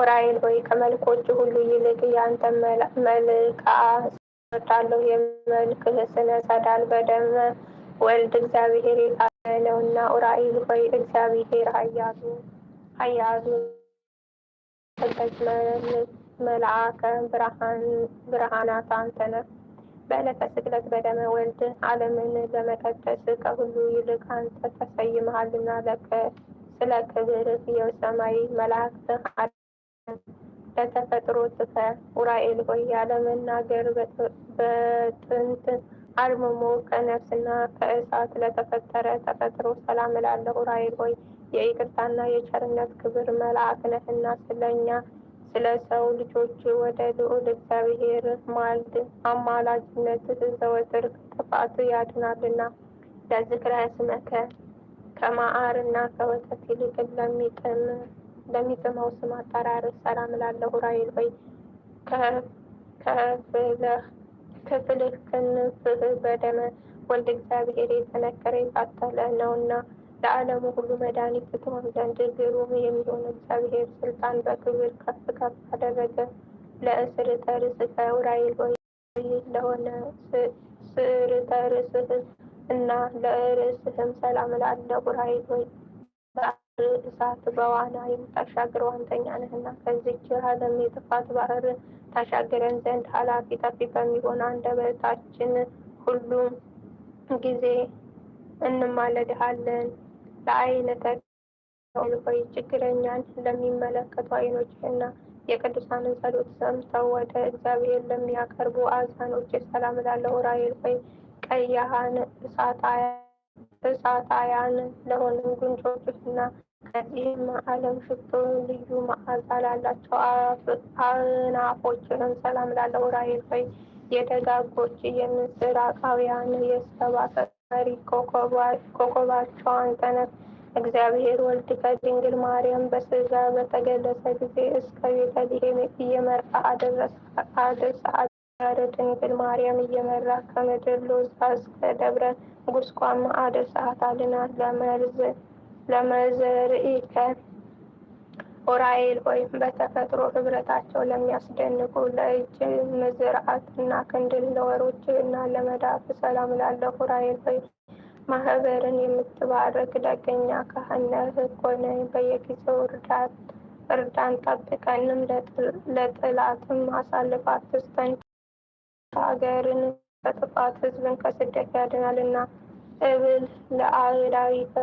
ዑራኤል ሆይ ከመልኮቹ ሁሉ ይልቅ የአንተ መልክአ እወዳለሁ። የመልክ ስነ ጸዳል በደመ ወልድ እግዚአብሔር የታለ ነውና ኡራኤል ሆይ እግዚአብሔር ሀያዙ ኃያሉ መልአከ ብርሃናት አንተ ነህ። በዕለተ ስቅለት በደመ ወልድ ዓለምን ለመቀደስ ከሁሉ ይልቅ አንተ ተሰይመሃልና ስለ ክብርህ የሰማይ መላእክት ለተፈጥሮ ጥፈህ ዑራኤል ሆይ ያለመናገር በጥንት አርምሞ ከነፍስና ከእሳት ለተፈጠረ ተፈጥሮ ሰላም እላለሁ። ዑራኤል ሆይ የይቅርታና የቸርነት ክብር መልአክ ነህና ስለኛ ስለ ሰው ልጆች ወደ ልዑል እግዚአብሔር ማልድ። አማላጅነት ዘወትር ጥፋት ያድናልና ለዝክረ ስመከ ከማዕርና ከወተት ይልቅ ለሚጥም ለሚጥመው ስም አጠራር ሰላም ላለሁ ራይል ወይ ክፍልህ ክንፍህ በደመ ወልድ እግዚአብሔር የተነከረ የታተለ ነውና ለዓለሙ ሁሉ መድኃኒት ትሆን ዘንድ ግሩም የሚሆን እግዚአብሔር ስልጣን በክብር ከፍ ከፍ አደረገ። ለእስርተ ርእስከ ዑራኤል ወይ ለሆነ ስር ጠርስህ እና ለርእስህም ሰላም እላለሁ። ዑራኤል ወይ እሳት በዋና የምታሻግረው አንተኛ ነህና ከዚች ዓለም የጥፋት ባህር ታሻግረን ዘንድ ኃላፊ ጠፊ በሚሆን አንደበታችን ሁሉም ጊዜ እንማለድሃለን። ለአይነተ ሆይ ችግረኛን ለሚመለከቱ አይኖች እና የቅዱሳንን ጸሎት ሰምተው ወደ እግዚአብሔር ለሚያቀርቡ አዛኖች ሰላም ላለው ራሔል ሆይ ቀያሃን እሳት አያ እሳታያን ለሆኑ ጉንጮቹና ከዚህም ዓለም ሽቶ ልዩ መዓዛ ላላቸው አናፎችህም ሰላም ላለው ራሔል ሆይ የደጋጎች የምስራቃውያን የሰባ መሪ ኮከባቸው አንተ ነህ። እግዚአብሔር ወልድ ከድንግል ማርያም በስጋ በተገለጸ ጊዜ እስከ ቤተልሔም እየመራ አደረሰ ድንግል ማርያም እየመራ ከምድር ሎዛ እስከ ደብረ ጉስቋም አደ ሰዓት አልና። ለመዘርኢከ ዑራኤል ሆይ በተፈጥሮ ህብረታቸው ለሚያስደንቁ ለእጅ ምዝርዓት እና ክንድል ለወሮች እና ለመዳፍ ሰላም ላለሁ ዑራኤል ሆይ ማህበርን የምትባረክ ደገኛ ካህን ሆነ በየጊዜው እርዳን ጠብቀንም፣ ለጥላትም አሳልፋ አትስጠን። ሀገርን ከጥፋት ህዝብን ከስደት ያድናልና። እብል ለአእላዊከ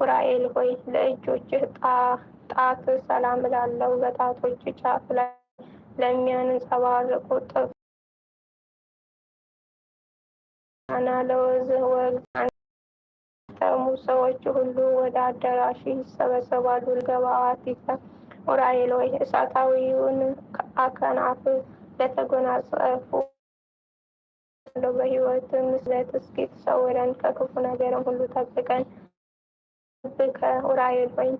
ዑራኤል ሆይ ለእጆችህ ጣት ሰላም እላለሁ። በጣቶች ጫፍ ላይ ለሚያንጸባርቁ ጥፍ ና ለወዝህ ወግ ተሙ ሰዎች ሁሉ ወደ አዳራሽ ይሰበሰባሉ። ይተ ዑራኤል ሆይ እሳታዊውን አከናፍ ለተጎናጸፉ አለው። በህይወት ምስለ እስኪ ተሰውረን ከክፉ ነገርም ሁሉ ጠብቀን ከዑራኤል ወይም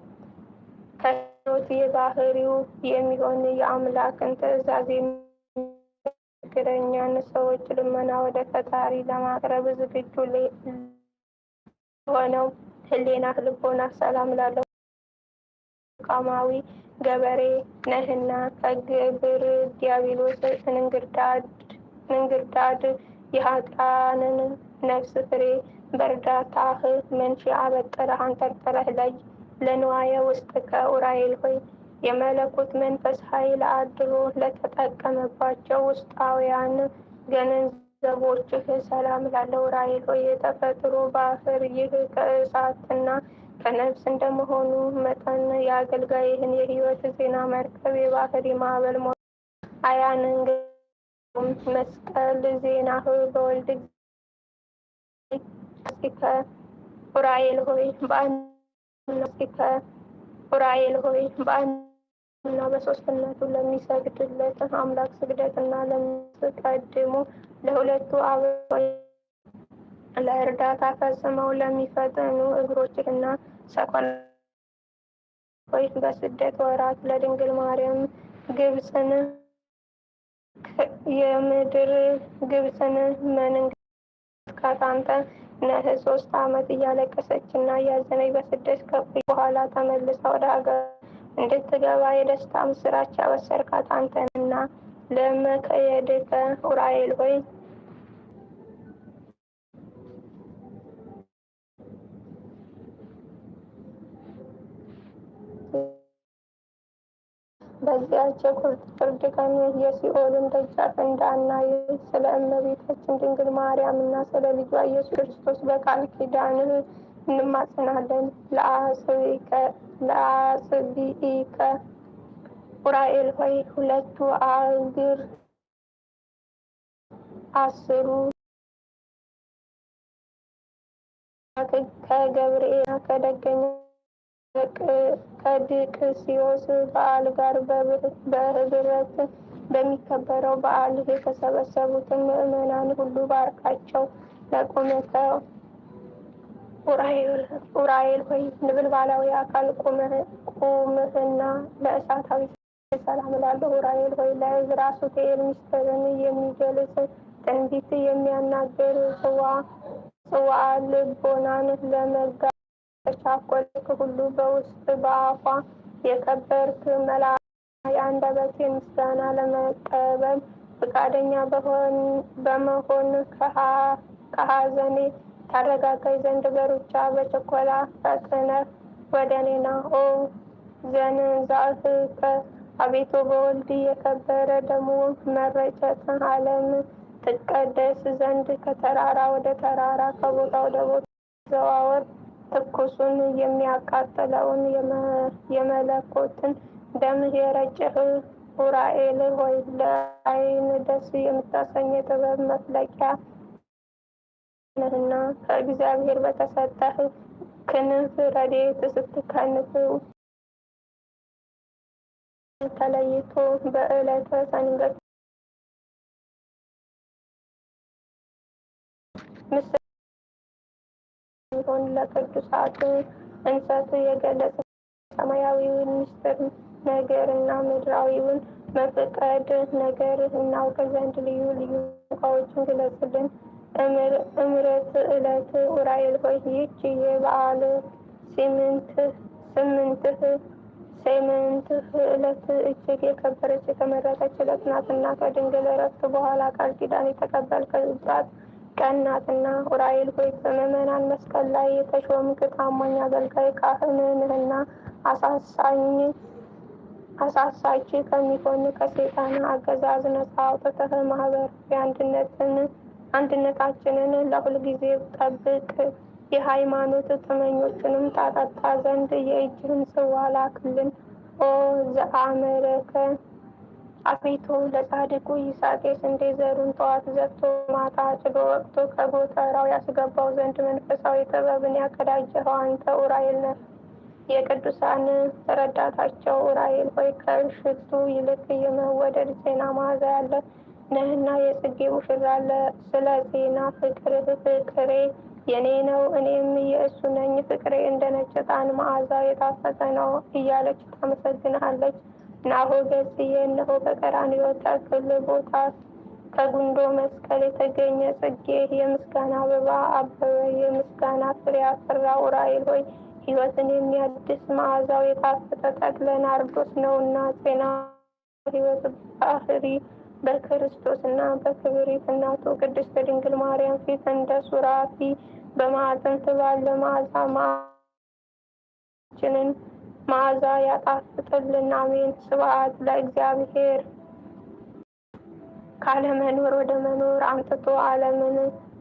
ከሕይወት የባህሪው የሚሆን የአምላክን ትእዛዝ የሚግረኛን ሰዎች ልመና ወደ ፈጣሪ ለማቅረብ ዝግጁ ሆነው ህሌና ልቦና ሰላም ላለው ቃማዊ ገበሬ ነህና ከግብር ዲያብሎስ እንግርዳድ የኃጥኣንን ነፍስ ፍሬ በእርዳታህ መንሺአ በጥረህ አንጠልጥለህ ለይ። ለንዋየ ውስጥከ ዑራኤል ሆይ የመለኮት መንፈስ ኃይል አድሮ ለተጠቀመባቸው ውስጣውያን ገንዘቦችህ ሰላም ላለው ዑራኤል ሆይ የተፈጥሮ ባህር ይህ ከእሳትና ከነፍስ እንደመሆኑ መጠን የአገልጋይህን የህይወት ዜና መርከብ የባህር ማዕበል አያንንግ መስቀል ዜና ሆይ በወልድ ስከ ዑራኤል ሆይ በአንስከ ዑራኤል ሆይ በአንድና በሶስትነቱ ለሚሰግድለት አምላክ ስግደትና ለሚቀድሙ ለሁለቱ አብሮች ለእርዳታ ፈጽመው ለሚፈጥኑ እግሮችና ሰኮና ሆይ በስደት ወራት ለድንግል ማርያም ግብፅን የምድር ግብጽን መንግስት ካጣንተ ነህ ሶስት አመት እያለቀሰች እና እያዘነች በስደት ከቆይ በኋላ ተመልሳ ወደ ሀገር እንድትገባ የደስታ ምስራች ያበሰርካት አንተንና ለመከየድከ ኡራኤል ሆይ እንዳንቸኩል እርግጠን የሲኦልን ደጃፍ እንዳናይ ስለ እመቤታችን ድንግል ማርያም እና ስለ ልጇ ኢየሱስ ክርስቶስ በቃል ኪዳንህ እንማጽናለን። ለአስቢኢከ ዑራኤል ሆይ ሁለቱ አግር አስሩ ከገብርኤል ከደገኛ ከዲቅስዮስ በዓል ጋር በህብረት በሚከበረው በዓል የተሰበሰቡትን ምዕመናን ሁሉ ባርካቸው። ለቁመተ ኡራኤል ሆይ ንብልባላዊ አካል ቁምህና ለእሳታዊ ሰላም ላለሁ ኡራኤል ሆይ ለዕዝራ ሱቱኤል ምስጢርን የሚገልጽ ትንቢት የሚያናግር ጽዋ ጽዋ ልቦናን ለመጋ ከቻኮልክ ሁሉ በውስጥ በአፏ የከበርክ መላ የአንደበቴን ምስጋና ለመቀበል ፈቃደኛ በመሆን ከሐዘኔ ታረጋጋኝ ዘንድ በሩጫ በችኮላ ፈጥነህ ወደ እኔና ኦ ዛፍ አቤቱ በወልድ የከበረ ደሞ መረጨት ዓለም ትቀደስ ዘንድ ከተራራ ወደ ተራራ ከቦታ ወደ ቦታ ዘዋወር ትኩሱን የሚያቃጥለውን የመለኮትን ደም የረጭህ ኡራኤል ሆይ ለአይን ደስ የምታሰኝ የጥበብ መፍለቂያ ነህና ከእግዚአብሔር በተሰጠህ ክንፍ ረድኤት ስትከንፍ ተለይቶ በዕለተ ሰንበት ሲሆን ለቅዱሳቱ እንሰት የገለጸ ሰማያዊውን ምስጢር ነገር እና ምድራዊውን መፍቀድ ነገር እናውቅ ዘንድ ልዩ ልዩ እቃዎችን ግለጽልን። እምረት ዕለት ዑራኤል ሆይ ይህች የበዓል ስምንትህ ሴምንት ዕለት እጅግ የከበረች የተመረጠች ዕለት ናት እና ከድንግል ዕረፍት በኋላ ቃል ኪዳን የተቀበልክባት ቀናትና ዑራኤል ሆይ በምዕመናን መስቀል ላይ የተሾምክ ታማኝ አገልጋይ ካህን ነህና አሳሳች ከሚሆን ከሴጣን አገዛዝ ነፃ አውጥተህ ማህበራዊ አንድነትን አንድነታችንን ለሁል ጊዜ ጠብቅ። የሃይማኖት ጥመኞችንም ታጠጣ ዘንድ የእጅህን ጽዋ ላክልን። ኦ ዘአመረከ አቤቱ ለጻድቁ ይስሐቅ የስንዴ ዘሩን ጠዋት ዘግቶ ማታ ጭዶ ወቅቶ ከጎተራው ያስገባው ዘንድ መንፈሳዊ ጥበብን ያቀዳጀኸው አንተ ኡራኤል ነህ። የቅዱሳን ረዳታቸው ኡራኤል ሆይ ከሽቱ ይልቅ የመወደድ ዜና መዓዛ ያለ ነህና የጽጌ ሙሽራ ስለ ዜና ፍቅርህ ፍቅሬ የኔ ነው እኔም የእሱ ነኝ፣ ፍቅሬ እንደ ነጭ ዕጣን መዓዛው የጣፈጠ ነው እያለች ታመሰግንሃለች። ናሆ ገስዬ እነሆ በቀራንዮ ጥል ቦታ ከጉንዶ መስቀል የተገኘ ጽጌ የምስጋና አበባ አበበ የምስጋና ፍሬ አፈራ። ዑራኤል ሆይ ሕይወትን የሚያድስ መዓዛው ጠቅለን ተክለ ናርዶስ ነውና ጤና ሕይወት ባህሪ በክርስቶስ ና በክብሪት እናቱ ቅድስት ድንግል ማርያም ፊት እንደ ሱራፊ በማዕዘን ትባለ መዓዛ ማችንን መዓዛ ያጣፍጥልን። አሜን። ስብሐት ለእግዚአብሔር። ካለመኖር ወደ መኖር አምጥቶ ዓለምን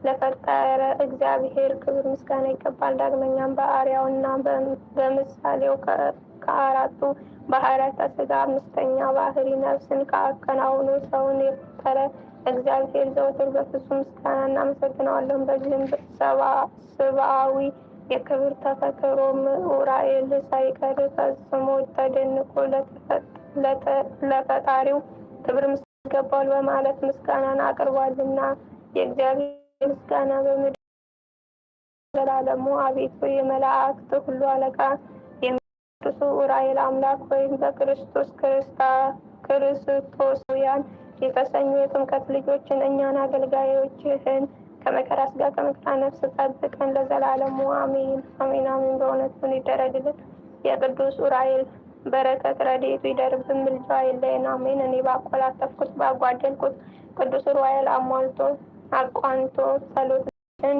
ለፈጠረ እግዚአብሔር ክብር ምስጋና ይገባል። ዳግመኛም በአርአያውና በምሳሌው ከአራቱ ባህርያተ ስጋ አምስተኛ ባህሪ ነፍስን ከአከናውኑ ሰውን የፈጠረ እግዚአብሔር ዘወትር በፍጹም ምስጋና እናመሰግነዋለን። በዚህም ሰብአዊ የክብር ተፈጥሮም ኡራኤል ሳይቀር ፈጽሞ ተደንቆ ለፈጣሪው ክብር ምስጋና ይገባዋል በማለት ምስጋናን አቅርቧልና የእግዚአብሔር ምስጋና በምድር ዘላለሙ። አቤቱ የመላእክት ሁሉ አለቃ የሚቅዱሱ ኡራኤል አምላክ ወይም በክርስቶስ ክርስቶስያን የተሰኙ የጥምቀት ልጆችን እኛን አገልጋዮችህን ከመከራ ስጋ ከመከራ ነፍስ ጠብቀን ለዘላለሙ አሜን አሜን አሜን። በእውነት ምን ይደረግልን። የቅዱስ ዑራኤል በረከት ረድኤቱ ይደርብን፣ ምልጃ አይለየን። አሜን። እኔ ባቆላጠፍኩት ባጓደልኩት ቅዱስ ዑራኤል አሟልቶ አቋንቶ ጸሎትን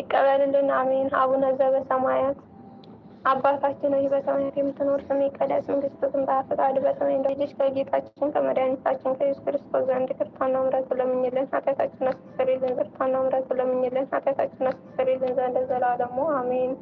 ይቀበልልን። አሜን። አቡነ ዘበሰማያት አባታችን ሆይ በሰማያት የምትኖር ስምህ ይቀደስ፣ መንግስትህ ትምጣ፣ ፈቃድህ በሰማይ እንደሆነች ከጌታችን ከመድኃኒታችን ከኢየሱስ ክርስቶስ ዘንድ ይቅርታና ምሕረቱን ለምኝልን፣ ኃጢአታችንን አስተሰርይልን፣ ይቅርታና ምሕረቱን ለምኝልን፣ ኃጢአታችን አስተሰርይልን ዘንድ ለዘላለሙ አሜን።